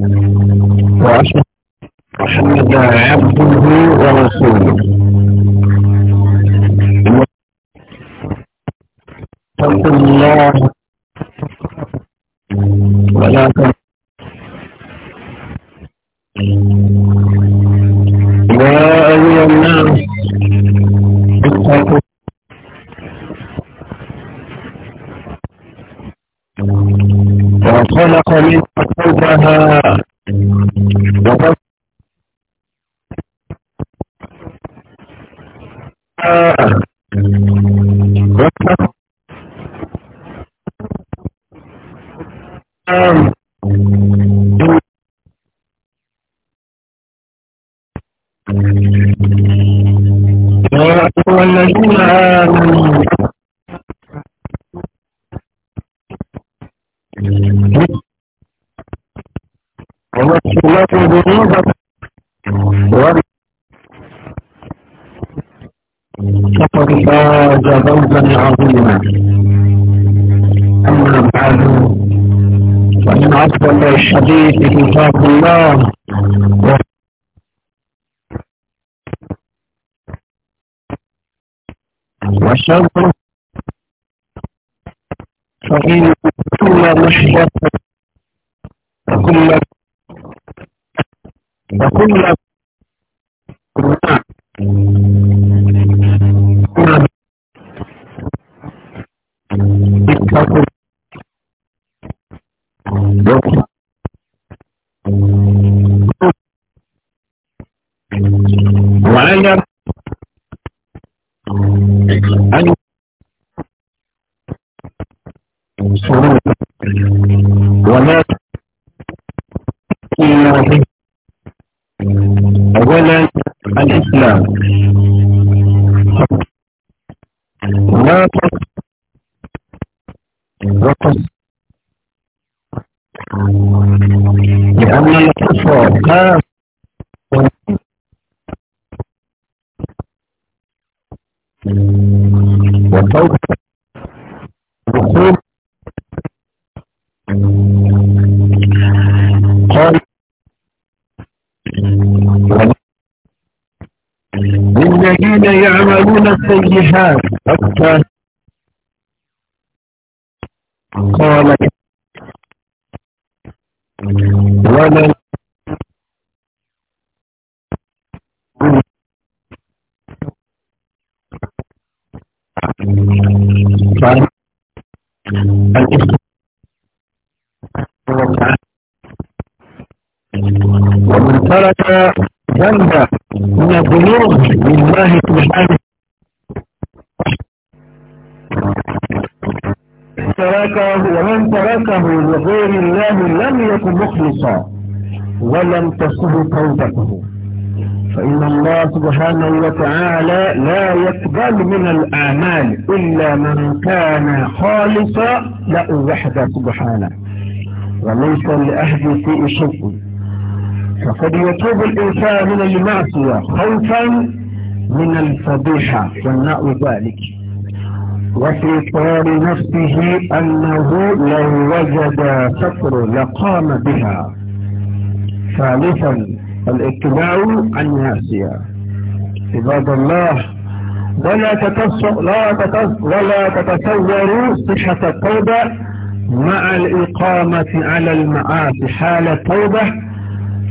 وأشهد محمد عبده ورسوله اتقوا الله ومسؤولات الذنوب فقد فاز فوزا عظيما اما بعد فان افضل الحديث كتاب الله وشر فإن كل محدث كل wannan al'islam na في حتى قال ومن ومن ترك ذنبا من الذنوب لله سبحانه تركه لغير الله لم يكن مخلصا ولم تصه توبته فإن الله سبحانه وتعالى لا يقبل من الأعمال إلا من كان خالصا له وحده سبحانه وليس لأحد في شيء فقد يتوب الإنسان من المعصية خوفا من الفضيحة والنأو ذلك وفي طور نفسه أنه لو وجد سفر لقام بها ثالثا الاتباع عن ناسيا عباد الله ولا لا ولا تتصوروا صحة التوبة مع الإقامة على المعاصي حال التوبة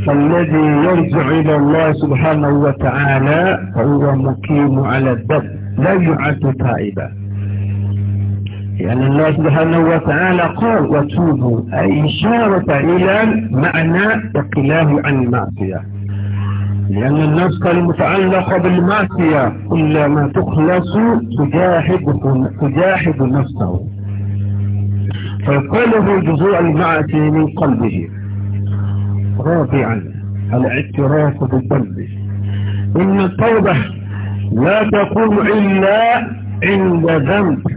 فالذي يرجع إلى الله سبحانه وتعالى فهو مقيم على الدب لا يعد تائبا لأن الله سبحانه وتعالى قال وتوبوا أي إشارة إلى معنى إقلاه عن المعصية لأن النفس المتعلقة بالمعصية ما تخلص تجاهد تجاهد نفسه فقاله جزوع المعصية من قلبه رابعا الاعتراف بالذنب إن التوبة لا تكون إلا عند ذنب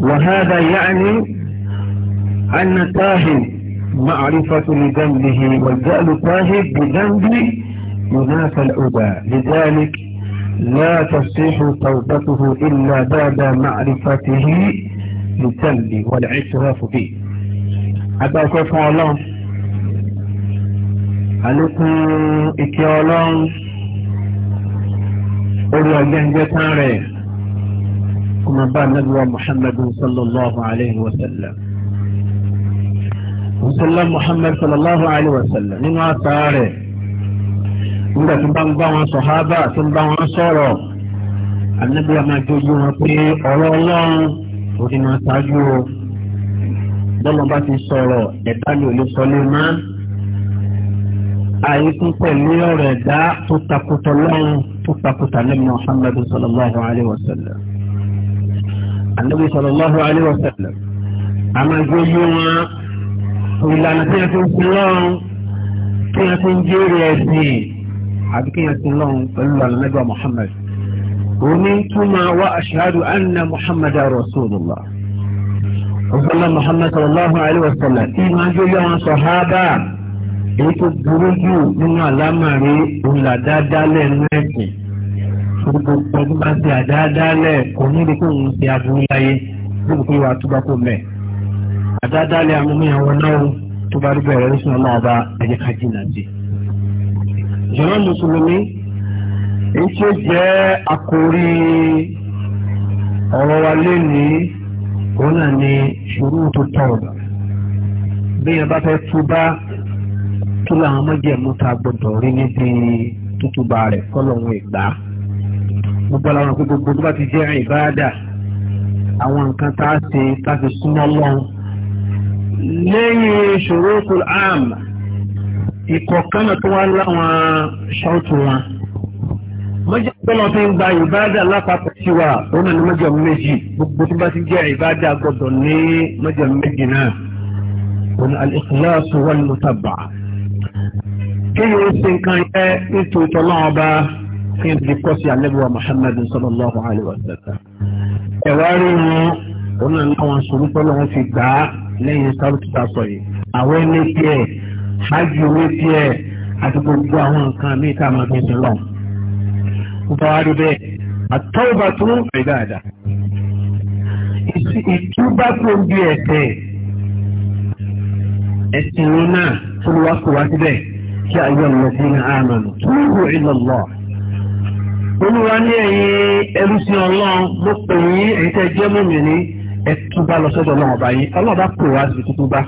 وهذا يعني أن التاهب معرفة لذنبه والجأل تاهب بذنب مناف العدى لذلك لا تصيح توبته إلا بعد معرفته بالذنب والاعتراف به أبقى فعلا عليكم إكيالا أولي الجهجة تاريخ ومن بعد نبوى محمد صلى الله عليه وسلم وسلم محمد صلى الله عليه وسلم من عطاره ولا تنبان بان صحابة تنبان صورة النبي ما جوجو نطي أولا الله ودينا تاجو دلو باتي صورة يدالو لسليما أيكم تليور دا تتاكوت الله تتاكوت النبي محمد صلى الله عليه وسلم ànábì sallallahu alaihi wasallam àmọ́ ìgbé yí wọn ìlànà tí wọ́n ti ń sin lọ́run tí wọ́n ti ń jèrè ẹ̀sìn àbí kí wọ́n sin lọ́run pẹ̀lú ìlànà nígbà Muhammad òní túmọ̀ wá ashhadu anna Muhammad rasulullah ọ̀sọ́lá Muhammad sallallahu alaihi wasallam tí máa ń jẹ́ yọ wọn sàhábà èyí tó burú jù nínú àlámàrí ìlà dáadáa lẹ́nu ẹ̀sìn gbogbo ọdún bá ń ṣe àdáadáalẹ̀ kò ní ibi tó ń ṣe aburú láyé níbi pé wà á túbọ̀ kó mẹ́. àdáadáalẹ̀ amúmíyàwó náà tó bá rí bẹ̀rẹ̀ ní sinimá ọba ẹ̀jẹ̀ ká jìnnà jọ̀wọ́n mùsùlùmí èyí tí jẹ́ àkórí ọ̀rọ̀ wa lénìí òun náà ni ṣòro tó tọ̀rọ̀ bí yẹn bá fẹ́ túbá kí làwọn mọ́jẹ̀mú ta gbọ́dọ̀ rí níbi tútùbà gbogbo àwọn nǹkan gbogbo tó bá ti jẹ́ ìbáradà àwọn nǹkan tá a ṣe tá a fi súnmọ́ lọ́hùn. lẹ́yìn ṣòro am ìkọ̀kánná tó wá láwọn ṣọ́ọ̀tù wọn. mọ́jà tọ́lọ́ fi ń gba ìbáradà lápapọ̀ sí wa òun náà ni mọ́jà méjì gbogbo tó bá ti jẹ́ ìbáradà gbọ́dọ̀ ní mọ́jà méjì náà. òun al-ikhlasu wal-mutaba'ah. kí ni ó ṣe nǹkan yẹ nítorí tọ́lọ́ ọba kí n fi kọ́sí alẹ́bíwá Muhammad sallallahu alayhi wa sallam. ẹ̀wá rí wọn òun náà láwọn sọ̀rọ̀ pẹ̀lú wọn fi gbà á lẹ́yìn sáwùtì sásọ yìí. àwọn ilé tiẹ̀ hajj owó tiẹ̀ àti gbogbo àwọn nǹkan mi tá a fi sùn lọ. wá rí bẹ́ẹ̀ àtọ́wọ́bà tó ń pè dáadáa. ìtúbà tó ń bí ẹ̀tẹ̀ ẹ̀sìn náà tó wá kó wá síbẹ̀ kí àyọ̀ lọ́sìn náà àmàlù tó ń wọ ilẹ̀ lọ́ọ̀ olúwa ní ẹ̀yin ẹrú sí ọlọ́run mo pè yín èyí tẹ́ jẹ́ mọ́mì ní ẹtúbá lọ sọ́dọ̀ ọlọ́run ọba yín ọlọ́run bá pè wá sí tuntun bá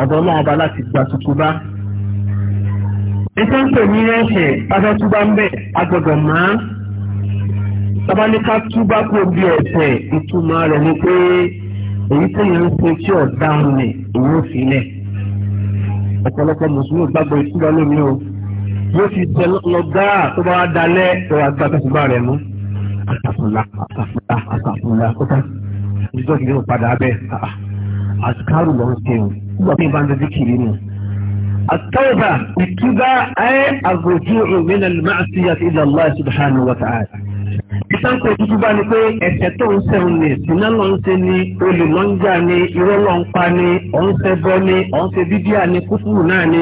ọ̀dọ̀ ọlọ́run ọba láti gba tuntun bá. ìtàn pè ní ẹ̀ṣẹ̀ pátátúbá ń bẹ̀ agbọ̀dọ̀ máa tabalika túbá kó bí ẹ̀ṣẹ̀ ìtumọ̀ rẹ̀ ni pé èyí tó yẹn ń pe tí ọ̀daràn ni èyí ò fi lẹ̀ ọ̀pọ̀lọpọ̀ mùsùlùmí gbàgbọ́ ìtúbá yóò ti tẹ lọ gáà tó bá wá dalẹ̀ tó wá gbá kásùbà rẹ̀ mú. àtàfúnlá àtàfúnlá àtàfúnlá kọ́tà ìjọ kìí ló padà bẹ́ẹ̀ àtikárù ló ń ṣe o nígbà tó ń bá ń dojú kiri nù. àtàwùbà ìtúbà ayé àgòjú ìrìnà màsíyà ti ilà Allah subhanahu wa ta'ala. ìtànkù ìtútù bá ní pé ẹ̀ṣẹ̀ tó ń sẹ́wọ̀n ní ìsìnà ló ń ṣe ní olè lọ́njà ní irọ́ lọ́npa ní ọ̀nṣẹ́bọ ní ọ̀nṣẹ́bíbíà ní kúfùrù náà ní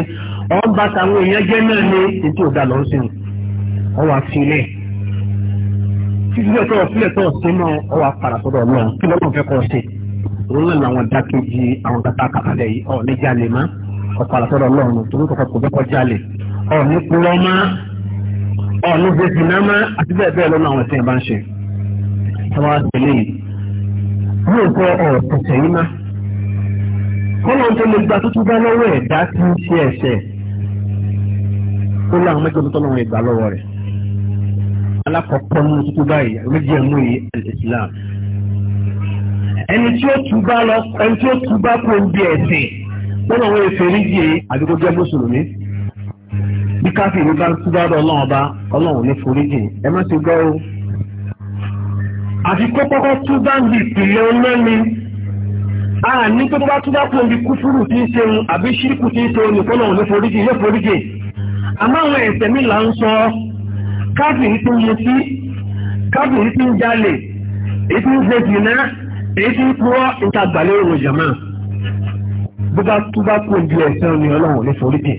ọba tàwọn èèyàn jẹ́ náà ní ètò ọ̀dà lọ́wọ́ sí wọn ọwọ́ àfilẹ̀ títí ọ̀tọ̀ ọ̀filẹ̀ tó ọ̀sẹ̀ náà ọwọ́ àpàrà sọ́dọ̀ ọ̀nà kí lọ́wọ́ fẹ́ kọ́ ọ̀sẹ̀ òun náà làwọn dákejì àwọn kàkàlẹ̀ yìí ọ̀ ní jalè má tó ń kọ́kọ́ kò jalè ọ̀ ní má ọ̀ ní gbèsè náà má àti bẹ́ẹ̀ bẹ́ẹ̀ lọ́nà àwọn ẹ̀sìn ó láwọn mẹ́jọ mi tọ́lọ́wọ́n ìgbà lọ́wọ́ rẹ̀ alákọ̀ọ́kọ́ nínú tuntun báyìí méjì ẹ̀mú yìí islam ẹni tí ó túbá lọ ẹni tí ó túbá kó ń bí ẹ̀sìn lọ́nà àwọn èfèrí yìí àdúgbò jẹ́ mùsùlùmí bí káfíìnì bá ń túbá lọ ọlọ́run ọba ọlọ́run ní foríjì ẹ má ti gbọ́ o àti kó kọ́kọ́ túbá ń di ìpìlẹ̀ olómi a ní tó bá túbá kó ń di kúfúrú tí ń ṣe àbí ṣíríkù tí ń ṣe nìkan náà ní foríjì ní foríjì àmọ́ àwọn ẹ̀ṣẹ̀ mi là ń sọ káfíìrì tó ń mutí káfíìrì tó ń jalè èyí tó ń ṣe jìnnà èyí tó ń kúrọ́ níta gbàlérò wọn jàmá bó bá tó bá kó ju ẹ̀ṣẹ̀ ni ọlọ́run lè forí kẹ̀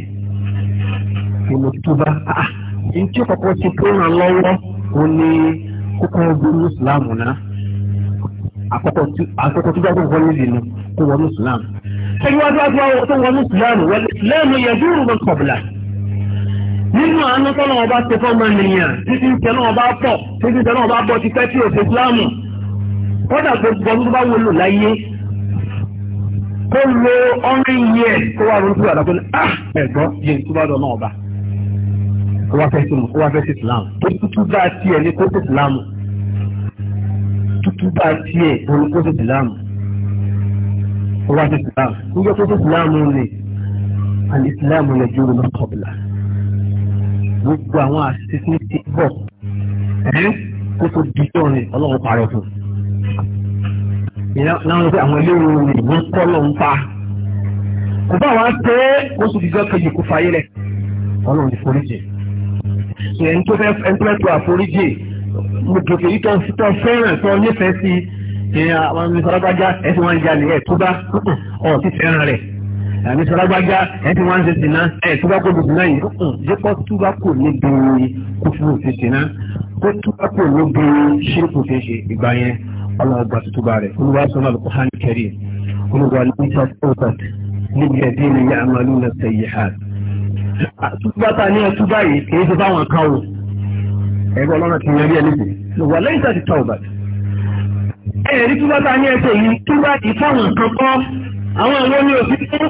ìmọ̀ tó bá ah, ní tí kọ̀kọ́ ti tó ràn lọ́wọ́ ó ní kókó ọdún mùsùlùmù náà àkọ́kọ́ tí àkọ́kọ́ tí bá tó wọlé lè nu kó wọnú mùsùlùmù. ṣé wọ́n tó wọnú mùsùlùmù wọlé lẹ́nu yẹ nínú àánú tọ́lọ́ ọba ti fọ́mọ nìyàn títí tẹ́lọ́ ọba pọ̀ títí tẹ́lọ́ ọba bọ̀ ti pẹ́ tí òfin Ìsìláàmù kódà gbogbo ọdún tó bá wọlé láyé kó lo ọrin yẹ kó wà lórí ìwà àdàkùn ah ẹ̀gbọ́n yẹn tó bá dọ̀ náà ọba kó wá fẹ́ sí mu kó wá fẹ́ sí Ìsìláàmù tó tútú bá tiẹ̀ ní kó sí Ìsìláàmù tútú bá tiẹ̀ ní kó sí Ìsìláàmù kó wá sí Ìsìláàmù nígbà tó sí Ìsìláàmù ni àlìsìláàmù yẹ jùlọ lọ́kọ̀ọ́bìlà gbogbo àwọn àṣìṣe ti bọ̀ ẹ́ kó tó di tó ni ọlọ́run parọ́ fún ìyá náà wọ́n pé àwọn eléwo ìwé kọ́ ló ń pa kò bá wa pé oṣù ìjọ kejì kò fàyè lẹ̀ ọlọ́run ti foríjì ẹni tó fẹ́ ẹni tó fẹ́ tó àforíjì gbogbo èyí tó tó fẹ́ràn tó nífẹ̀ẹ́ sí ìyá àwọn ìfọdọ́gbájá ẹ̀sìn wọn jalè ẹ̀ tó bá ọ̀ ti fẹ́ràn rẹ̀ àmì sọlágbájá ẹ ti wọn ṣe sìnà ẹ túbá kó lóògùn náà yìí jẹ kó túbá kó níbi kófúrú ṣe sìnà kó túbá kó níbi ṣírùkù ṣe ṣe ìgbà yẹn ọlọ́run gba tutuba rẹ̀ olúwa sọ́nà alukóhán kẹrì olúwa lóṣà fọ́tàt níbi ẹ̀dín ni yà máa lóun náà sẹ́yìn ha. túbá ta ní ẹtúbá yìí kì ṣe báwọn kan o ẹgbẹ́ ọlọ́run ti yan bí ẹni bò wà lẹ́yìn sáà ti tọ́ ọ̀bàdì ẹ̀rí túbá ta ní ẹsẹ̀ yìí túbá ti fáwọn kan kọ́ àwọn àwọn ní òfin fún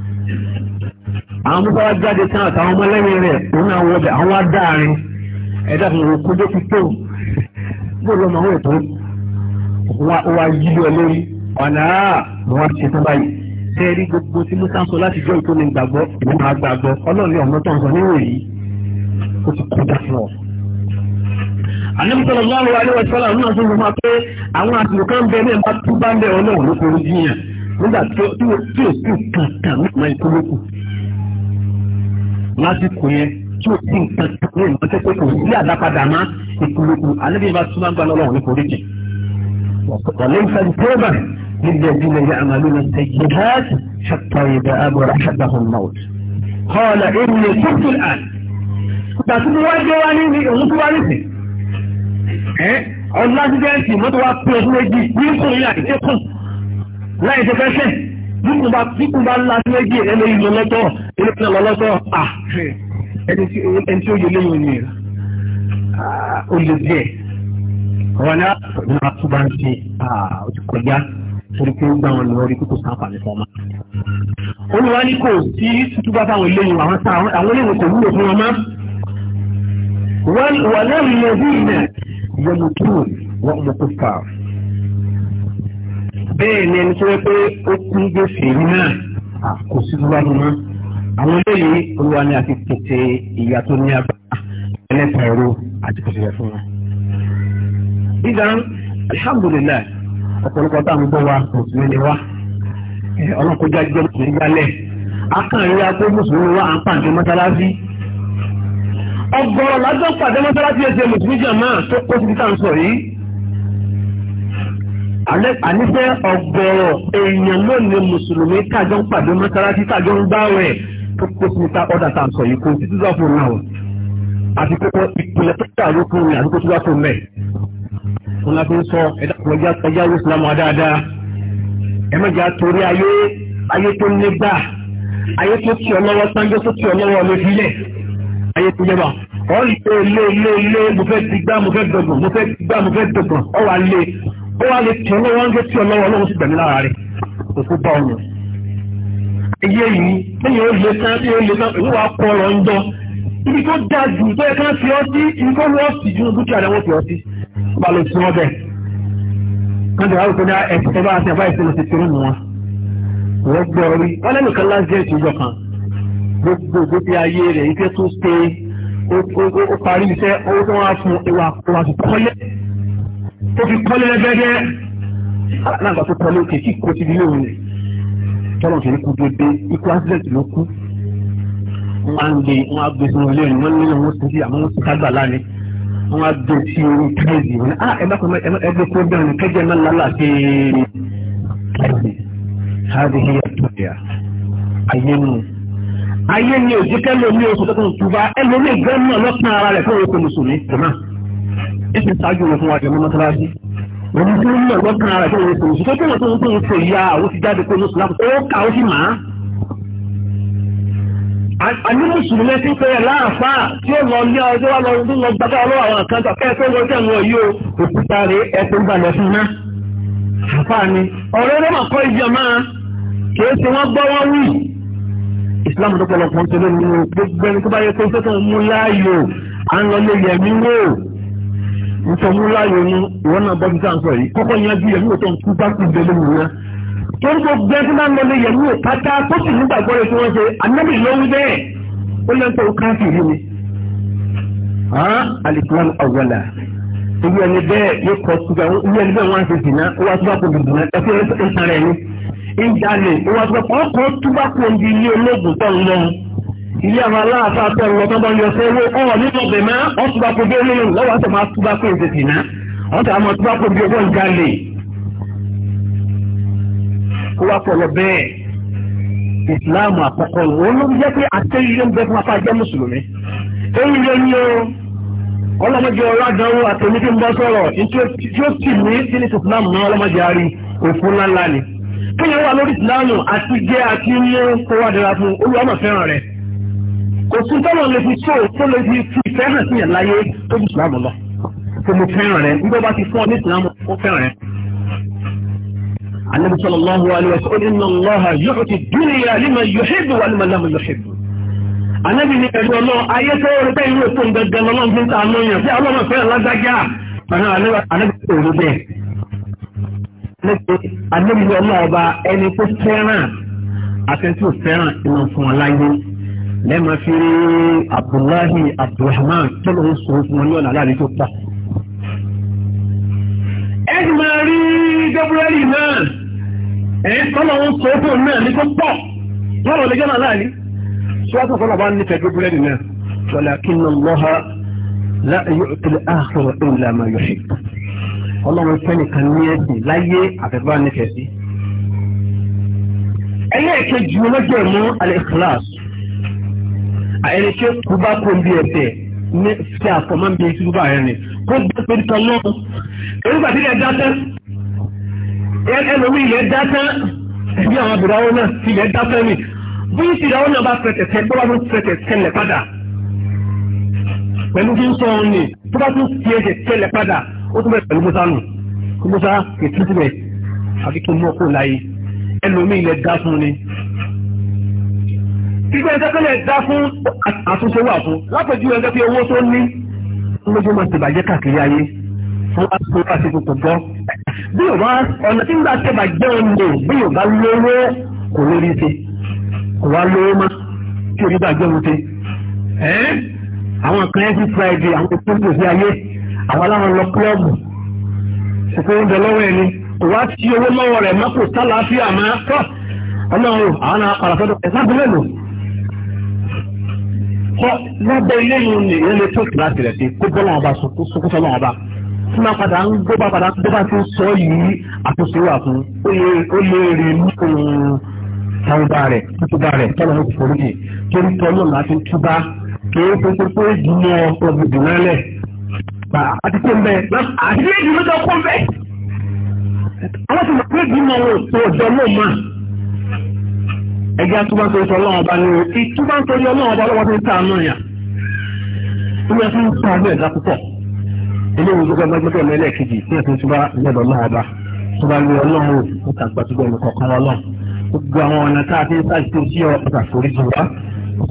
àwọn musa wa jáde tán àtàwọn ọmọlẹ́yìn rẹ̀ òun náà wọlé àwọn adáàrin ẹ̀dá fún òun kú dókú tó bó lọ́mọ àwọn ètò wa yí lọ lórí ọ̀nà àwọn ṣetán báyìí tẹ́ẹ̀rí gbogbo tí musa ń sọ láti jọ ìtòlè gbàgbọ́ ìlú máa gbàgbọ́ ọlọ́ọ̀ni ọ̀nà tó ń sọ níwò yìí ó ti kọjá fún ọ. àlẹ́mùsọ̀lọ́ lọ́wọ́ aléwọ̀ sọ́lá ọ̀nà tó ń sọ máa pé àwọn àtìlù kan bẹ ní ẹ̀ma tó ń bẹ ọlọ́run ló forí jiyàn nígbà tí ó sì kàkà nípa ìkólókù lásìkò yẹn tí o ti nǹkan tó ń tẹ́ pé kò sí àdápadà má ìkúlùkù alẹ́bí bá tún máa ń gba lọ́wọ́ ní kòríkì. ọ̀lẹ́ ìfẹ́ni tẹ́lẹ̀bà níbi ẹ̀jú lè yẹ àmàlú ní ṣẹ́yìn láti ṣàtọ̀ ìdá agbára ṣàtàkùn náà. kọ́ọ̀lá èmi lè tó fi à. ìgbà tí mo wá dé wá ní òun tó wá nìsín. ọ̀làdídẹ́ǹtì mọ́tò wá pé ọdún méjì ní kò ní àdéhùn láì bíkùn bá bíkùn bá ńlá méjì eléyìí lọ lọ́tọ̀ eléyìí lọ lọ́tọ̀ à ẹni tí ó yẹ lẹ́yìn omi rẹ̀ ó lè díẹ̀ ọ̀rọ̀ náà ní wàá tún bá ń ṣe òtí kọjá torí pé ó gbà wọn lọ rí kókó sáfà ní fọmọ. olùwà ní kò sí tútúbà fáwọn eléyìí àwọn sá àwọn eléyìí kò wúlò fún wọn mọ́. wọ́n wà lẹ́rìí ẹbí ìnà yẹmu tó wọ́n mú kó fà á bẹ́ẹ̀ ni ẹni tó yẹ pé ó kún gbèsè yìí náà kò sí lọ́wọ́ mọ́ àwọn eléyìí olúwa ni a ti pèsè ìyá tó ní agbára ẹlẹ́ta ẹ̀rọ àti pèsè rẹ̀ fún wọn. dídá alihamudulilayi ọ̀pọ̀lọpọ̀ tá à ń gbọ́ wa kò sí ní ọlọ́kọjá jẹ́ mùsùlùmí gbálẹ̀ akànríra pé mùsùlùmí wa à ń pàdé mọ́sálásí ọgọ́rọ̀ lájọ́ pàdé mọ́sálásí ẹ̀sẹ̀ mùsùlùmí jàmáà tó kó síbi tá à ń sọ yìí àníṣe ọ̀gọ̀rọ̀ èèyàn lónìí mùsùlùmí tàjọ ń pàdé mọ́sálásí tàjọ ń gbáwẹ̀ tó kó sí ta ọ̀dà tá à ń sọ yìí kó títí lọ́ fún náà àti kókó ìpìlẹ̀ tó dà ló fún mi àti kó tó wá fún mẹ́. wọn la fi ń sọ ẹ̀dá kan ẹja wo sinamu dáadáa ẹ mẹ́jà torí ayé ayé tó nígbà ayé tó tì ọ́ lọ́wọ́ sanjó tó tì ọ́ lọ́wọ́ ló fi lẹ̀ ayé tó yẹ bá ọ́ lé lé lé lé mo fẹ́ ti gbá mo fẹ́ dọ̀gbọ̀n mo fẹ́ ti gbá mo fẹ́ dọ̀gbọ̀n ọ wà lé ó wá lè tẹ̀ lọ́wọ́ ń gé tí ọlọ́wọ́ ọlọ́wọ́ sì gbẹ̀mí lára rẹ̀ òkú bá ọ̀nà. iye yìí lẹ́yìn ó lè tán bí ó lè tán ìwà kọ ọ̀rọ̀ ń jọ ibi tó dáa jù tó yẹ ká fi ọ́ sí ibi tó wọ́n sì ju dúkìá rẹ̀ wọ́n fi ọ́ sí bá lọ sí wọn bẹ̀. wọ́n ti ráwọ̀ tó ní ẹ̀sẹ̀ bá a ti àbá ìṣẹ̀lẹ̀ ti tẹ̀rù wọn. wọ́n gbọ́ rí wọ́n lẹ́nu kan láti jẹ́ ìtújọ kan gbogbo gbogbo ayé rẹ̀ iṣẹ́ tó ṣe ó parí iṣẹ́ owó tó wá fún ìwà kọ́lé tó fi kọ́lé lẹ́gbẹ́gẹ́ aláǹgbà tó kọ́lé òkè kí kò ti di lóhùn tọ́lọ̀ tó ní kú dédé ikú accident ló kú wọ́n á ń gbé wọ́n á gbé sínú ilé rẹ̀ wọ́n nílò wọ́n ti àmọ́ wọ́n ti ká gbà láàánú wọ́n á gbé sí orí kírèzì wọn á ah, ẹ dákun ẹ gbé kó bẹ́ẹ̀ ni kẹ́jẹ́ náà lálà sí kírèzì hádìhí àtúndìá ayé nù ayé ni òjì kẹ́lẹ́ omi oṣù tó tó ń tuba ẹ lómi ìgbẹ́ náà lọ́kàn ara rẹ̀ fún oṣù mùsùlùmí tó ẹsẹ̀ ṣáájú wọn fún wa jẹ̀mọ́ mọ́sálásí wọ́n ti fún mọ̀ lọ́kàn ara ìṣòro ìṣòro ìṣòro tó wọ́n tó ń tó ń fò àwọn ti jáde kó ní sùlámù ó kà ó sì máa. àní mùsùlùmí ti ń pẹ́ láàfà tí ó lọ ní ọjọ́ wa lọ lọ gbàgbọ́ ọlọ́wọ́ àwọn kan tó kẹ́ẹ́ tó ń wọjọ́ ìwọ̀n yìí o òkúta rè é tó ń balẹ̀ fún ná. àfà ni ọ̀rọ̀ eré màkọ́ ìjọ máa kìí ṣe wọ́n gbọ́ wọ́n wí. ìsìlámù tó pọ̀lọpọ̀ ń tẹ́lẹ̀ nínú gbogbo ẹni tó bá yẹ kó nítorí láàyè ní ìwọ náà bọ́ títà ń sọ yìí kọ́kọ́ yanjú yẹmí òtọ́ ń kú bá kú bẹ́lẹ̀ wù yẹn. torí kò gbẹ́ tí máa ń lọ lé yẹmí ò pátá tó sì nígbàgbọ́ rẹ̀ tí wọ́n ṣe anábì lówó bẹ́ẹ̀ ó lẹ́ ń tọ́ káàkì rí mi. alikuran awala ewu ẹni bẹ́ẹ̀ yóò kọ́ tuga ewu ẹni bẹ́ẹ̀ wọ́n á ṣe dìnnà ó wá tuba kò dìnnà ẹ fi ń sara ẹni ń jalè ó wá tuba kò tuba kò ń di ilé ológun tó ń lọ́wọ́ ilé àwọn aláàfáà tẹ ọ̀rọ̀ tó bá yọ sẹ́wọ́ ọ̀rọ̀ nínú ọ̀bẹ̀ máa ọ̀ tún bá kó bí olóyún lọ́wọ́ àti máa tún bá kó èsì tì náà ọ̀ tún àmọ́ tún bá kó bí owó ìjà lè. kó wá pọ̀ lọ bẹ́ẹ̀ ìsìláàmù àkọ́kọ́ ló ń lóun jẹ́ pé àtẹ́yẹ ń bẹ fún apá jẹ́ mùsùlùmí. èyí ló ní o ọlọ́mọdé ọ̀rọ̀ àdánwò àtẹ̀mí tí ń bọ́ sọ̀rọ̀ tí ó sì ní sínú ìsìláàmù náà ọlọ́mọdé àárín òfin ńláńlá ni. kéèyàn wà lórí ìsìláàmù àti jẹ́ àti ní kó wá dára fún olùwàmọ̀ fẹ́ràn rẹ̀ sí tọ́lọ̀ lè fi ṣó tó lè fi fi ìfẹ́ hàn sí yẹn láyé tó bí ìsìlámù lọ. Kò mo fẹ́ràn rẹ̀ nígbà bá ti fún ọ ní ìsìlámù ó fẹ́ràn rẹ̀. Ànábì sallallahu alaihi wa sallam inna Allaha yu'ti dunya liman yuhibbu wa liman la yuhibbu. Ànábì ní ẹ̀rọ náà ayé tó rí bẹ́ẹ̀ ìwé fún gangan lọ́nà fi ń ta àánú yẹn sí àwọn ọmọ fẹ́ràn lágbájá. Ànábì kò rí bẹ́ẹ̀. Ànábì tó fẹ́ràn àti ẹni fún ọ lẹ́ẹ̀ma fi rí abdullahi abdulrahman tó lóun sọ fún wọn ní ọ̀nà aláàbí tó pọ̀. ẹ ti máa rí gabriel náà ẹ tọ́lọ̀ ń sọ fún náà ní tó pọ̀ tọ́lọ̀ lè jẹ́nà aláàbí. sọ́wọ́sọ́ fọlọ́ bá ń nífẹ̀ẹ́ gabriel náà wọlé akínà lọ́ha láàyè òkèlè ààfọ̀rọ̀ ìlà máa yọ̀ ọlọ́run fẹ́nìkan ní ẹ̀sìn láyé àfẹ́fẹ́ nífẹ̀ẹ́ sí. ẹlẹ́ẹ̀kejì ọlọ́jọ́ ìmú alẹ́ kíláàsì ẹni tí kú bá kó bí ẹsẹ̀ ní ṣe àfọ̀mọ́ bí ẹsẹ̀ kú bá rẹ̀ ni kó gbé pé nǹkan náà èrúgbà tí ilẹ̀ dátẹ́ ẹlòmí ilẹ̀ dátẹ́ bí àwọn abìràwọ̀ náà ti ilẹ̀ dátẹ́ ni bí ìsìràwọ̀ náà bá fẹsẹ̀ tẹ gbọ́dọ̀ tó fẹsẹ̀ tẹlẹ̀ padà pẹ̀lú kí n sọ ọ́n ni tó bá tún fi ẹsẹ̀ tẹlẹ̀ padà ó tún bẹ̀ pẹ̀lú mọ́sá nù kí mọ́sá kì í túbẹ̀ àfi kí n mú ọkọ̀ láyé ẹlòmí ilẹ̀ dá fún ni gbígbé ẹjọ́ tẹ́lẹ̀ dá fún àtúnṣe wà fún lápẹjú ẹjọ́ fi owó tó ní lójú mọ̀ tìbàjẹ́ káàkiri ayé fún àtúnṣe àti tuntun gbọ́. bí yóò bá ọ̀nà tí ń gbà tẹ̀bàjẹ́ ọ̀nà bí yóò bá lówó kò lórí ṣe kò wá lówó mọ́ tí orí gbàgbé òun ṣe. àwọn kan every Friday àwọn tó ń tò sí ayé àwọn aláwọn lọ kílọ̀bù ṣùgbọ́n oúnjẹ lọ́wọ́ ẹni kò wá sí owó lọ́wọ́ rẹ̀ mọ́ kò sálàáfíà máa tọ́ ọlọ́run àwọn àpàlàfẹ́dọ̀ ẹ̀ sábẹ́lẹ̀ lò kọ́ lábẹ́ ilé yìí ni èyí lè tó kíláàsì rẹ̀ pé kó bọ́ lọ́wọ́ bá sokúsọ lọ́wọ́ bá tí máa padà ń gbé bá padà tó bá ti ń sọ yìí àtúnṣe wà fún ó lè rí nínú tàwùbá rẹ̀ túbá rẹ̀ tọ́lọ̀ ló fòrò yìí torí tọ́lọ̀ láti túbá kéé pépépé dùnú ọ̀gbìn dùnálẹ̀ àti kó mbẹ àti ilé ìdùnnú tó kó mbẹ. àwọn tó máa pé dùnú ọ̀gbìn máa ẹgbẹ́ atúbá tó sọ ọlọ́run ọba ní o ìtúbá tó yọ ọlọ́run ọba lọ́wọ́ tó ń tàánú yàn ó yẹ fún pa bẹ́ẹ̀ dá púpọ̀ eléyìí gbogbo ẹgbẹ́gbẹ́ ọmọ ẹlẹ́ẹ̀kejì tí ẹ̀sìn túbá lọ́dọ̀ ọlọ́run ọba tó bá lu ọlọ́run ó kà gbàtúgbọ̀ ní kọ̀ọ̀kan ọlọ́run gbogbo àwọn ọ̀nà tá a fi ń sáàtì sí ọ pàtàkì jùlọ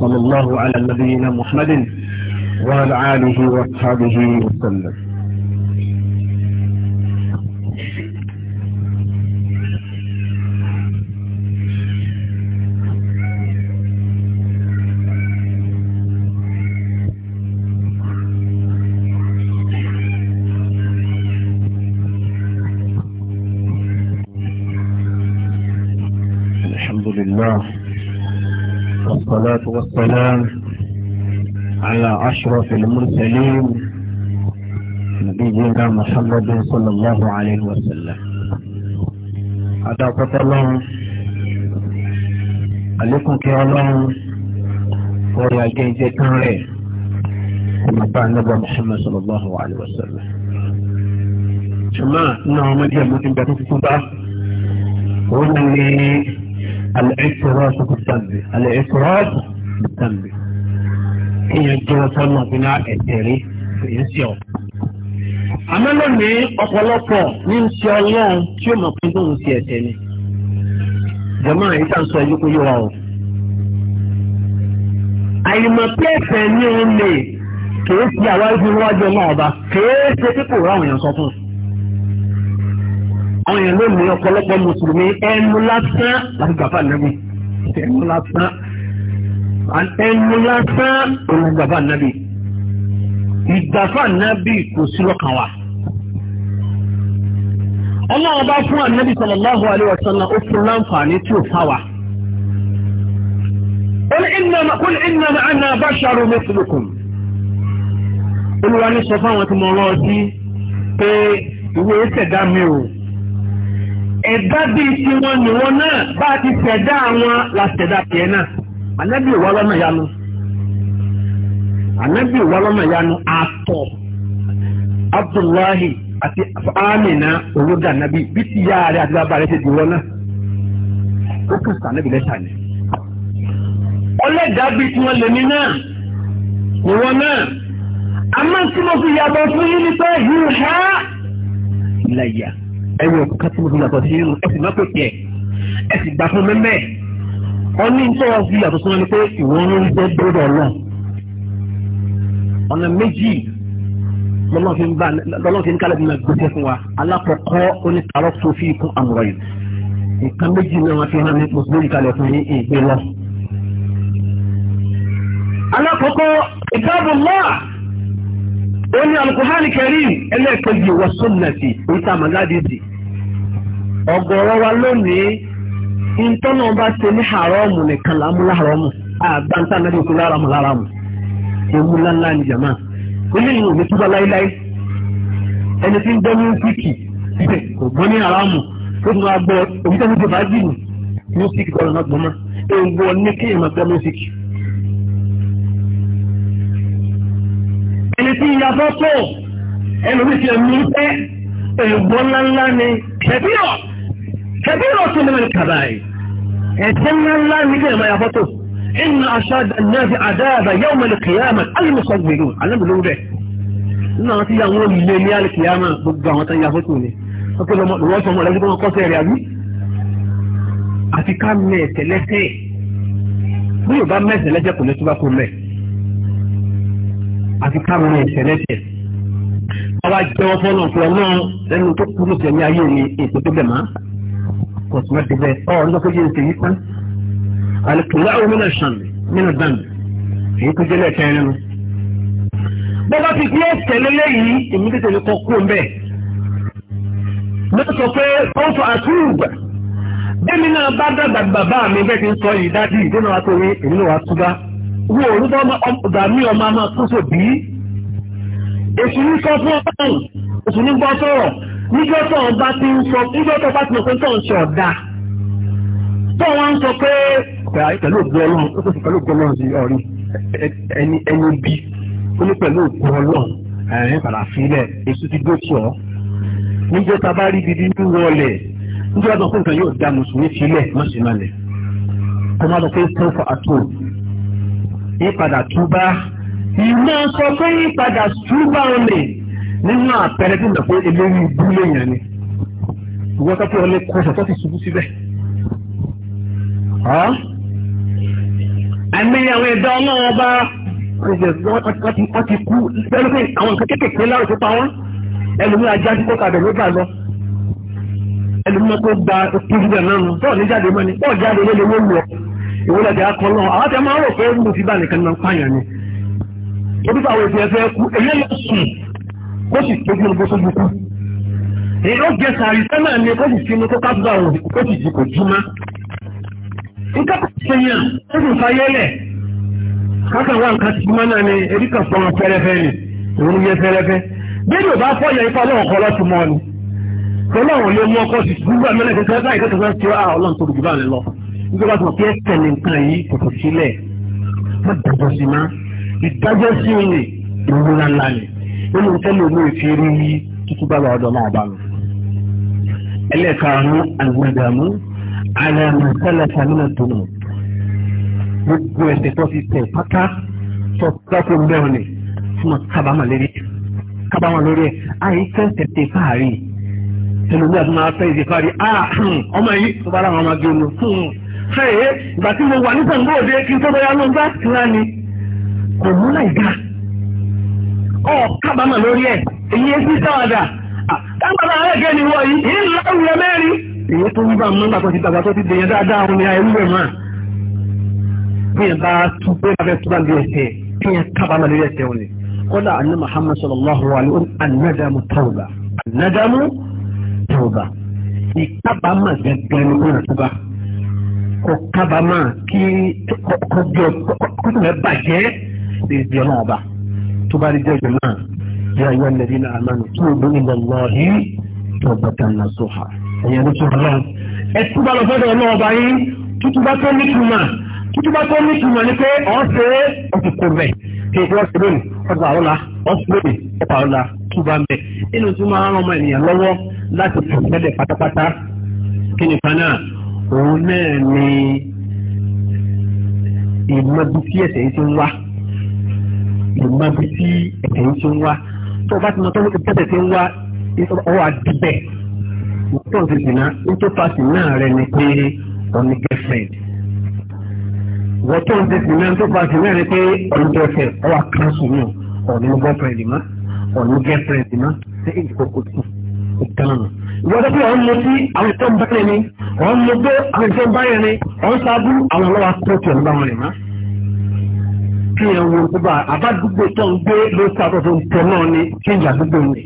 sallallahu ala nabiyina muhammadin wa ala alihi wa sahbihi wa sallam والسلام على أشرف المرسلين نبينا محمد صلى الله عليه وسلم هذا الله عليكم كرام فوري ويا كاري كاري ومتاع نبي محمد صلى الله عليه وسلم شما إنه من يمكن بأتوك كبار وإنني الإفراس في الذنب الإفراس fi tẹ̀lé èèyàn jẹ́wọ́ sọ́nà bí ná ẹ̀jẹ̀ rí èyí sí ọ. àmọ́ lónìí ọ̀pọ̀lọpọ̀ ní ń ṣe ọlọ́run tí ó mọ̀ pé bóun ti ẹ̀ṣẹ̀ ni. jọ̀mọ́ àyè tá à ń sọ ẹ̀yí kó yé wa o. àyìnbó pẹ́ẹ́sẹ̀ ní òun lè kèé sí àwa ìfowópamọ́ náà ọba kèé ṣe pípò ráwọn èèyàn sọ fún un àwọn èèyàn ló mú ọ̀pọ̀lọpọ̀ mùsùlùmí ẹnu lásán láti gbàfà nàbì ẹnu lásán ẹnu lásán òun nàbì ìgbàfà nàbì kò sí lọ́kàn wa. ọlọ́run bá fún ànábì sallallahu alaihi wasallam ó fún láǹfààní tí ò fáwa. قل إنما قل إنما أنا بشر مثلكم. olùwà ní sọ fáwọn tí mo rán ọ sí pé ìwé ṣẹ̀dá mi o. ẹ̀dá bíi tiwọn nìwọ náà bá ti ṣẹ̀dá àwọn la ṣẹ̀dá tiẹ̀ náà. ànábì ìwà lọ́nà yanu ànábì ìwà lọ́nà yanu àtọ̀ abdullahi àti amina olóde ànábì bí ti yára rẹ àti bàbá rẹ ti di náà ó kàn sí ànábì lẹ́sà ni. ọlẹ́dàá bíi tí wọ́n lè ní náà ni wọ́n náà àmọ́ tí mo fi yàgò fún yín yìí ìlàyà mo fi yàgò sí yín ẹ̀sìn má pèpè ẹ̀sìn wọ́n ní tó wọ́n fi yàtọ̀ sọ́nà ni pé ìwọ́n ń jẹ́ bẹ́rẹ̀ náà ọ̀nà méjì lọ́lọ́ fi ń kálẹ̀ nínú gbèsè fún wa alákọ̀ọ́kọ́ onítàrọ́ tó fi kún àmúrọ̀ yìí nǹkan méjì náà wọ́n fi hàn ní mùsùlùmí kalẹ̀ fún yín ìgbé lọ. alákọ̀ọ́kọ́ ìkáàbù lọ́ ó ní alukuhani karim ẹlẹ́ẹ̀kejì wọ sunnati ìtàmàládìsì ọ̀gọ̀rọ̀ wa lónìí ntọ́nà ọba ṣe ní haramu nìkan láàmú láharamu àgbàntà náà ló kó láramu láramu ewu ńláńlá ni jama eléyìí ò ní túbọ̀ láíláí ẹni tí ń gbọ́ ní síkì kò gbọ́ ní haramu ó ti máa gbọ́ òbí tẹ́lẹ̀ tó bá jì ní music, síkì gbọ́dọ̀ náà gbọ́mọ́ ewu ọ ní kéèyàn máa gbọ́ ní síkì. ẹni tí ìyá bọ́ pọ̀ ẹlòmíì ti ẹ̀mí pẹ́ ewu ńláńlá ni kẹ̀bírọ̀ kẹ̀bírọ̀ tó ní mẹ́rin kàbáyìí ẹ̀sẹ̀ ńlá ńlá ní ilé ẹ̀mọ́ yàfọ́tò inú aṣọ àdáyàfi àdáyàbà yóò mẹ́lẹ̀ kìyàmà alìmọ̀sọ̀ gbèrò alẹ́mọ̀lówó bẹ̀ nínú àwọn tí yà wọ́n lè ní alẹ́ kìyàmà gbogbo àwọn tó yàfọ́tò ni wọ́n pè lọ́mọ ìwọ́sọ ọmọ lẹ́sìn tó kọ́sẹ̀ rẹ̀ àbí àti ká mẹ́ ẹ̀tẹ̀lẹ́sẹ̀ bí yóò bá mẹ́ ẹ̀tẹ̀lẹ́sẹ̀ kò lẹ́tọ́ bá kó mẹ́ ẹ̀tẹ̀lẹ́sẹ̀ kò tún wá débẹ̀ ọ ọ nígbà tó yẹ ìṣèyí tán àlùkìlá omi náà sàn nínú dàn èyí tó jẹlẹ ẹkẹ nínú. bó bá ti fi ẹsẹ̀ lélẹ́yìí èmi tètè lè kọ kú mbẹ́ mẹ́tọ̀ pé ó fọ àtúrùgbà bẹ́ẹ̀ni náà bá dàgbà bàbá mi bẹ́ẹ̀ ti ń sọ yìí dájú ìdí náà wá tó rí èmi náà wá túbá wo orúkọ ọgbà mi ọmọ àmà tó so bí èsì ní sọ fún ọ̀hún èsì ní gbọ́ sọ̀rọ̀ níjọ́ tó ń bá ti ń sọ níjọ́ tó bá ti mọ̀ pé tó ń sọ ọ̀dà tó wọ́n ń sọ pé pẹ̀lú ògbó ọlọ́run pẹ̀lú ògbó ọlọ́run sí ọ̀rí ẹni ẹni bí ó ní pẹ̀lú ògbó ọlọ́run ẹ̀rín padà sílẹ̀ èso ti dó tì ọ́ níjọ́ tá a bá rí ibi ní wọlé níjọ́ tó kún kan yóò dá mùsùlùmí sílẹ̀ mọ́símọ́lẹ̀ kó má lọ pé sẹ́fọ̀ àtò ìpadà túbá ìmọ̀ sọ pé ìpadà túbá ọ̀lẹ̀ nínú àpẹẹrẹ tí mo pé eléyìí dúró yẹn ni ìwọ tó kí ọ lè kó ọsọ tó ti ṣubú síbẹ̀. àìmọye àwọn ẹ̀dá ọlọ́wọ́ bá wọ́n ti kú pẹ̀lú pé àwọn nǹkan kéékèèké láwọn tó pa wọ́n ẹlòmí ajá tí kò kàbẹ̀ ló gbà lọ ẹlòmí tó gba ìpínlẹ̀ síbẹ̀ náà nù bọ́ọ̀ ní jáde mọ́ ni bọ́ọ̀ jáde lé lówó lọ ìwọlẹ̀ dẹ̀ akọ àwọn tẹ máa rò pé mo ti bá nìkan náà pààyàn ni. ó bí báwo ti fẹ́ kú èyí lọ sùn kó sì tóbi ogun sójú kú. èyí ó jẹ sàárì sẹ́nà ni kó sì sinmi kó ká gbà òun kó sì jì kò jí má. nǹkan kò ṣe yàn ó sì fa yẹlẹ̀ kákan wá nǹkan ti má náà ni ebi kan fọmọ fẹ́rẹ́fẹ́ ni òun yẹ fẹ́rẹ́fẹ́. bẹ́ẹ̀ni ò bá fọyà ipa ọlọ́run kọ́ lọ́tún mọ́ ni ọlọ́run ló mú ọkọ sí gbúgbà mẹ́lẹ̀ kẹ́kẹ́ báyìí kẹ́kẹ́ tí ó à ah, ọlọ́run tó dùgbà rẹ̀ lọ nígbà tó kí ẹ tẹ̀lé nǹkan yìí kòtò sílẹ̀ má dájọ́ sí má ìdájọ́ sí ni ìrora ńlá ni ó lóun tẹ́lẹ̀ mú ìfiri tuntun bá wà ọ̀dọ̀ náà bá lọ. ẹlẹ́ẹ̀karùn-ún àgbàdàmú alẹ́mọ̀sẹ́lẹ̀ sàmínà tónà gbogbo ẹ̀sẹ̀ tó ti tẹ̀ pátá tó tọ́kù mẹ́rin ni fún kábàámà lórí kábàámà lórí ẹ̀ àyè fẹ́ǹsẹ̀ tẹ̀ fáàrí ẹlòmí àti máa fẹ́ ìdè fáàrí ọmọ yìí tó bá láwọn ọmọ gẹ̀ẹ́nu fún un fẹ́ẹ̀ ìgbà tí mo wà ní sàǹgbó òde kí n tó bá yá lóun bá tìlá ni kò mú láì dáa ọ̀ kábàámà lórí ẹ̀ èyí sí sáwàdà kábàámà ẹ̀kẹ́ ni wọ́n yìí èyí láwùrẹ́ mẹ́rin èyí tó wíwá mọ́ nígbà tó ti dàgbà tó ti dèyàn dáadáa òun ni àìwúrẹ́ máa bí ẹ̀ bá tú pé bá fẹ́ tú bá ń bí ẹsẹ̀ kí ẹ̀ kábàámà lórí ẹsẹ̀ òun ni kọ́lá àná Muhammad sallallahu alayhi wa sallam anadamu tawba anadamu tawba ìkábàámà gẹ́gẹ́ ni wọ́n tó bá kọ kábàámà kí kọ́kọ́ bàjẹ́ ìdí ọlọ́ọ̀ba tó bá rí jẹ́jọ́ náà yá ayé ẹ̀lẹ́dí náà àmánù tí o lóyún lọ lọ rí tó bàtà ńlá tó hà ẹ̀yẹ ló tó hà lọ. ẹ tún bá lọ fẹ́ dọ̀ lọ́wọ́ báyìí tútù bá tó ní túmọ̀ tútù bá tó ní túmọ̀ ni pé ọ̀ ṣe kò rẹ̀ kí ìpín ọ̀sẹ̀ lónìí ọ̀sẹ̀ àwọn la lónìí ọ̀la tó bá ń bẹ̀. nínú tí máa kò mọ ibi tí ẹ̀jẹ̀ ń ṣe ń wá tó o bá ti mọ tó o tẹ̀sẹ̀ ṣe ń wá ọwọ́ àdìbẹ̀ nítorí ti sìn náà nítorí fásitì náà rẹ ni pé ọ̀nì girlfriend wọ́n tó ń ti sìn náà nítorí fásitì náà rẹ pé ọ̀nì girlfriend ọwọ́ àkànṣe náà ọ̀nì boyfriend mọ́ ọ̀nì girlfriend mọ́ ṣé èyí kò kò tún ìkànnà nù ìwọ́n tó wọ́n mú sí àwọn ìtọ́ ń bá yẹn ni wọ́n mú gbé àwọn ìtọ́ ń bá yẹn ni wọ́n sábú àwọn ọlọ́wà tó tiẹ̀ ń bá wọn rìn mọ́ kí ẹ wo gbogbo àbádúgbò tó ń gbé ló sábà tó ń tẹ náà ni kí ìjà ni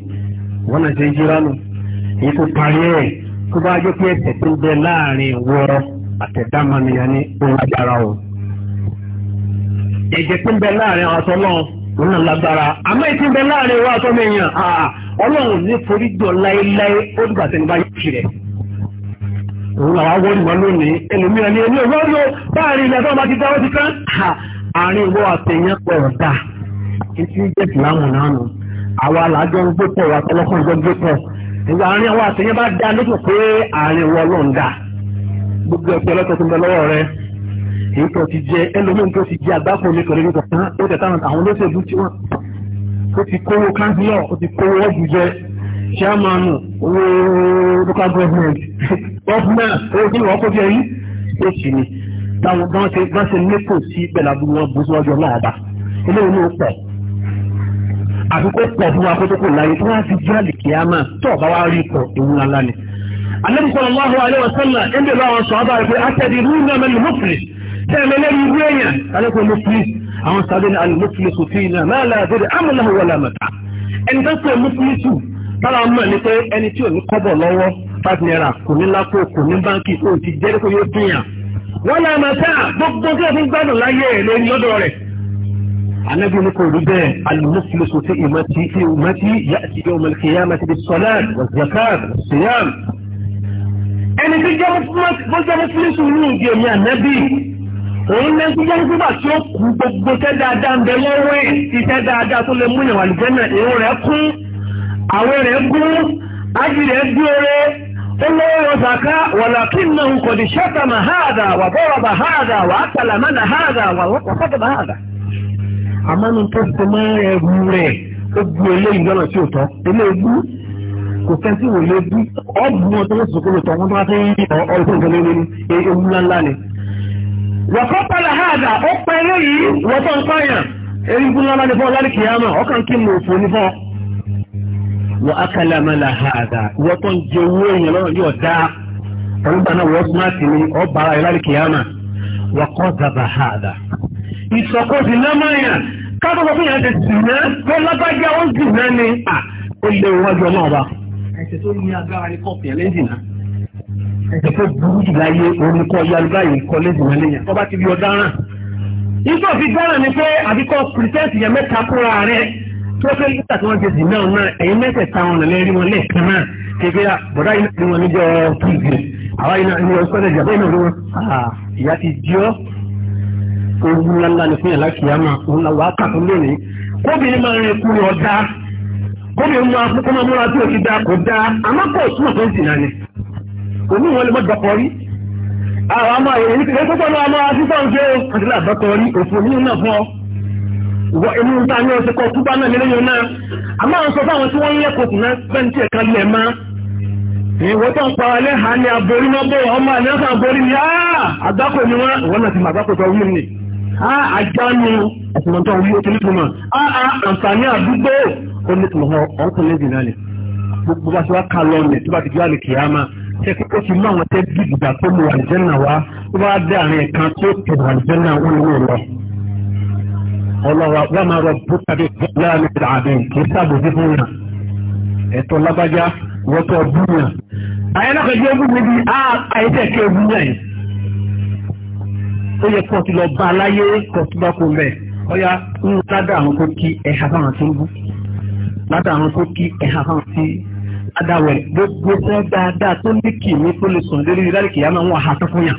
wọn náà ṣe ń jíra nù èyí tó parí ẹ tó bá yẹ pé ẹsẹ̀ tó ń bẹ láàrin wọrọ àtẹ̀dámanìyàn ní ohun agbára o ẹ̀jẹ̀ tó ń bẹ láàrin àwọn náà wọn náà lágbára àmọ́ èyí tó ń bẹ láàrin wọn aṣọ mẹ́yìn ọlọ́run ní forí jọ láéláé ó dùgbà sẹ́ni bá yẹ kí òun làwọn awọ́rìmọ́ lónìí ẹlòmíràn ni ẹni òwúrọ̀ báàrin ilẹ̀ tó ń bá ti dáwọ́ ti kán àárín ìwọ àtẹ̀yìn pọ̀ ọ̀dà títí jẹ́ ìsìlámù náà nù àwa làájọ ń gbé pọ̀ wà tọ́lọ́kàn jọ gbé pọ̀ ìwà àárín àwọn àtẹ̀yìn bá dá lókè pé àárín ìwọ ló ń dà gbogbo ẹ̀fẹ́ ọlọ́tọ̀ tó ń bẹ lọ́wọ́ rẹ èyí tó ti jẹ ẹlòmíín tó ti jẹ àgbákò mi kọ̀ọ̀lẹ́ nípa tán ó tẹ̀ táwọn àwọn olóṣèlú tí wọ́n ó ti kówó kánsílọ̀ ó ti kówó ọ̀jù jẹ chairman owó local government government owó tí wọ́n kó jẹ yìí ó sì ni báwọn báwọn ṣe bá ṣe lépò sí pẹ̀lú abúlé wọn bó síwájú ọlọ́run ọba eléyìí ló pọ̀ àfi kó pọ̀ fún wa kó tó kò láyé tí wọ́n á fi jẹ́ àlìkíyàmá tó ọ̀bá wa rí pọ̀ ewu ńlá ni. Ànábì sallallahu alaihi wa sallam ẹ̀ndì lọ́wọ́ sọ ọba rẹ̀ pé atẹ́dì rú náà mẹ́lì mọ́fìlì tẹ́lẹ̀ lẹ́nu irú èèyàn alẹ́kọ̀ọ́ mọ́fìlì àwọn sábẹ́ ní alimọ́fìlì sòfin náà máa là bẹ̀rẹ̀ amúnáwó wà lámàtà ẹni tó pè mọ́fìlì tù bára mọ̀ ní pé ẹni tí ò ní kọ́bọ̀ lọ́wọ́ five naira kò ní wọ́n yà máa tá gbogbo tí wọ́n fi ń gbádùn láyé ẹ̀ lórí lọ́dọ̀ rẹ̀. Ànábì ní kò rí bẹ́ẹ̀ alùmọ́sílẹ̀sọ tí ìmọ̀tí tí ìmọ̀tí yà ti yọ ọmọ ìkẹyà máa ti di sọ́láàd wàzakat siyam. Ẹni tí jẹ́ mọ́sílẹ̀sọ ní ìdí ẹ̀mí ànábì òun náà ti jẹ́ nígbà tí ó kú gbogbo tẹ́ dáadáa ń bẹ lọ́wọ́ ẹ̀ ti tẹ́ dáadáa tó lè mú ìyàwó àlùjẹ́nà èrò rẹ̀ kún àwẹ̀ rẹ̀ gún ájì rẹ̀ gún ọrẹ́ olówó zaka walakinnahu qad shatama hadha wà daraba hadha wà atalamana hadha wà wọ́pọ̀pọ̀pọ̀ hadha. àmọ́nu tó ti máa ń rẹ̀ gùn rẹ̀ ó gbu eléyìí lọ́nà tí ò tọ́ eléyìí gbu kò fẹ́ntì wò lé bí ọ̀bùn wọn tó ń sòkò lò tán wọn tó wá fẹ́ yí ọ̀ọ́dún tó lé ní ewu ńláńlá ni. wọ́pọ̀ háàdà ó pẹ́ lóyìí wọ́pọ̀ nǹkan yàn wọ́n akálàmọ́là àdá wọ́n tó ń jẹ owó èèyàn lọ́wọ́ yóò dá ọ̀rùngbà náà wọ́n smarti ni ọba ara ìlàlẹ̀ kìyàmà wọ́n kọ́ dàbà àdá. ìsọkòsì náà máa yàn káàtó sọ fún yàn ti sì náà tó lágbájá ó sì náà ni à ó lé wọn jọ náà bá. ẹsẹ̀ tó ní agbára ní kọ́ọ̀pù yẹn lẹ́yìn náà ẹsẹ̀ tó burú jù láyé omi kọ́ yálùbá yìí kọ́ lẹ́yìn náà lẹ́yìn tó ti bí ọ̀daràn. ìsọ̀fi dára ni pé àbíkọ́ pìrìsẹ́ǹtì yẹn mẹ́ta kúra rẹ̀ tó fẹ́ nígbà tí wọ́n ṣe dìnnà náà ẹ̀yin mẹ́tẹ̀ẹ̀ta wọn lọ́lẹ́ rí wọn lẹ́ẹ̀kan náà kéde ah, bọ̀dá yìí náà rí wọn níjọ́ tuesday àwa yìí náà rí wọn sọ́dọ̀ ìjàpá náà rí wọn. Ah, ìyá ti di ọ́ ogun ńláńlá ni fún yàrá kìyàmà òun la wàá kà fún lónìí. kóbìnrin máa rin ikú lọ dá kóbìnrin máa kókó máa múra tí òkè dá kò dá àmọ́ kò túmọ̀ tó ń sìn náà ni. òní wọn lè má dọ̀pọ̀ rí. àwọn àmọ́ àyè wọ inú ta ní ọsẹ kọ túbá náà nílé yẹn náà àmọ́ àwọn sọ fáwọn tí wọ́n ń lẹ́kọ̀ọ́ náà pẹ́ntì ẹ̀ka lẹ̀ má ìwọ́n tó ń pa alẹ́ ha ni aborí náà bọ̀ ọmọ àlẹ́sà aborí ni àgbákò ni wọ́n wọ́n náà ti mọ àgbákò tó wí ni àjá ni ọ̀sùnmọ̀tò wí ó ti ní tuma àǹfààní àdúgbò ó ní tuma ọkùnrin jìnnà ni gbogbo bá ti wá ká lọ ní tó bá àlè kìyàmá ṣe kó ti mú àwọn tẹ́ bí ìgbà tó mu àlùjẹ́ náà wá tó bá dé àárín ẹ̀ka tó tẹ̀ àlùjẹ́ náà wọ́n ní wọ́n lọ ọlọ́wà wọ́n máa rọ bùkàdé láàrin àbí kì í sàbòsí fún yàn ẹ̀tọ́ lágbájá wọ́tọ̀ búyàn. àyẹ̀lẹ́kọ̀ọ́jọ́ ogún mi bí àìsẹ̀ kí ogún yàn yìí. ó yẹ kó o ti lọ bá aláyé kó o ti bá kó mẹ́ ọ̀yà ń ládà àwọn kó kí ẹ̀ha fáwọn tó ń bú ládà àwọn kó kí ẹ̀ha fáwọn tí adáwẹ̀ gbogbo fún dáadáa tó ní kì í ní tó lè sùn lórí ìdálẹ́kìyàmọ́ àwọn àhàtọ́ fún yàn.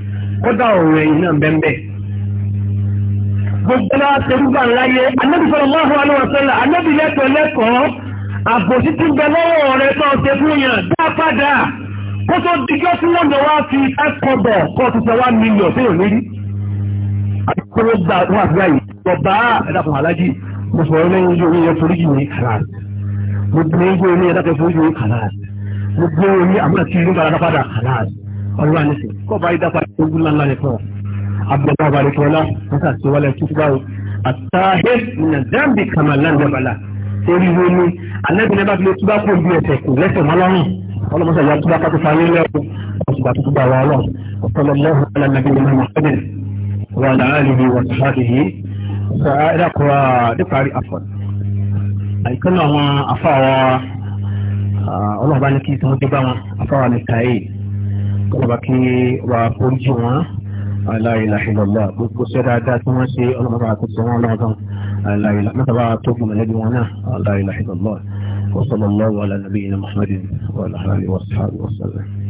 kódà ọ̀rọ̀ ẹ̀yìn náà bẹ́ẹ̀ gbogbo náà tẹ̀gbà láyé anábì sallallahu alaihi wasallam anábì lẹ́tọ̀ọ́ lẹ́kọ̀ọ́ àbòsí ti gbẹ lọ́wọ́ rẹ̀ tó ṣe fún yàn dá padà kó tó dijọ́ tí wọ́n lọ wá fi ẹ̀kọ́bọ̀ kó ti sọ wá mílíọ̀ sí òní rí. akọ́wé gba wà fúra yìí lọ́ba ẹ̀dàkùn alájí mo sọ̀rọ̀ lẹ́yìn ojú omi yẹn torí yìí ní kàrà mo gbé ojú yẹn dákẹ́ torí yìí ní kàrà mo gbé omi àmúlà tí ìlú padà padà kàrà ọlọ́wà ní sìn kọ́ bá yí dápa ogun ńlá rẹ̀ fún ọ abdullahi abarikọ́lá wọ́n sà sí wálẹ̀ tó bá àtàhẹ́ nínú dáàbì kàmàlà ńlẹ́bàlà orí wo ni alẹ́bìnrin bá fi lè túbá kó bí ẹsẹ̀ kò lẹ́sẹ̀ mọ́ lọ́rùn ọlọ́mọṣẹ́ ìyá túbá kátó sáré lẹ́wọ̀ ọ̀ṣùgbà tó túbà wà ọlọ́run ọ̀sọ́lọ́ lọ́hùn àwọn afáwa ọlọ́ọ̀bá ní kí tí wọ́n bá wọn afáwa ní kàáyé ọba kí wà foríjì wọn aláìláhìlọ́lá gbogbo ṣẹ́ dáadáa tí wọ́n ṣe ọlọ́mọba àkóso wọn lọ́gán aláìlá mẹ́tàbá tó gùn mọ̀lẹ́bí wọn náà aláìláhìlọ́lá وصلى الله على نبينا محمد وعلى اله وصحبه وسلم